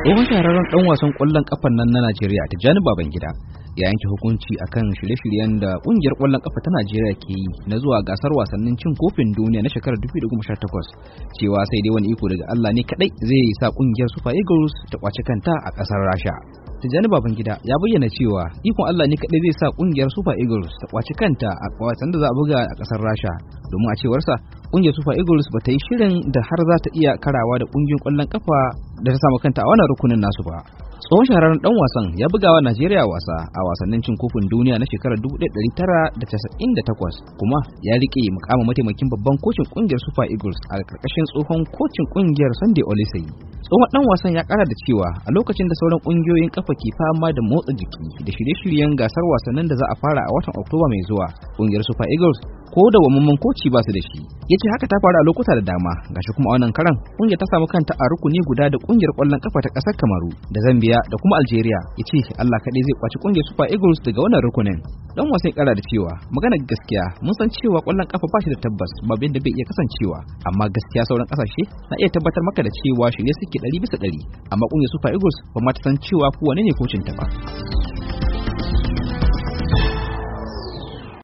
Tsohon shahararren dan wasan ƙwallon ƙafan nan na Najeriya Tijjani Babangida ya yanke hukunci akan shirye-shiryen da ƙungiyar ƙwallon kafa ta Najeriya ke yi na zuwa gasar wasannin cin kofin duniya na shekarar 2018 cewa sai dai wani iko daga Allah ne kaɗai zai sa ƙungiyar Super Eagles ta kwaci kanta a ƙasar Rasha. Tijjani Babangida ya bayyana cewa ikon Allah ne kaɗai zai sa ƙungiyar Super Eagles ta kwaci kanta a wasan da za a buga a ƙasar Rasha domin a cewarsa kungiyar Super Eagles ba ta yi shirin da har za ta iya karawa da kungiyar kwallon kafa da ta samu kanta a wannan rukunin nasu ba. Tsohon shahararren dan wasan ya bugawa Najeriya wasa a wasannin cin kofin duniya na shekarar 1998 kuma ya rike mukamin mataimakin babban kocin kungiyar Super Eagles a karkashin tsohon kocin kungiyar Sunday Olisayi. Tsohon dan wasan ya kara da cewa a lokacin da sauran kungiyoyin kafa ke fama da motsa jiki da shirye-shiryen gasar wasannin da za a fara a watan Oktoba mai zuwa, kungiyar Super Eagles ko da wamman koci ba su da shi ya ce haka ta faru a lokuta da dama gashi kuma a wannan karan kungiyar ta samu kanta a rukuni guda da kungiyar kwallon kafa ta kasar kamaru da zambia da kuma algeria ya ce allah kaɗai zai kwaci kungiyar super eagles daga wannan rukunin dan wasan kara da cewa magana gaskiya mun san cewa kwallon kafa ba shi da tabbas ba babu da bai iya kasancewa amma gaskiya sauran kasashe na iya tabbatar maka da cewa shirye suke ɗari bisa ɗari amma kungiyar super eagles ba ma ta san cewa ko wane ne kocin ta ba.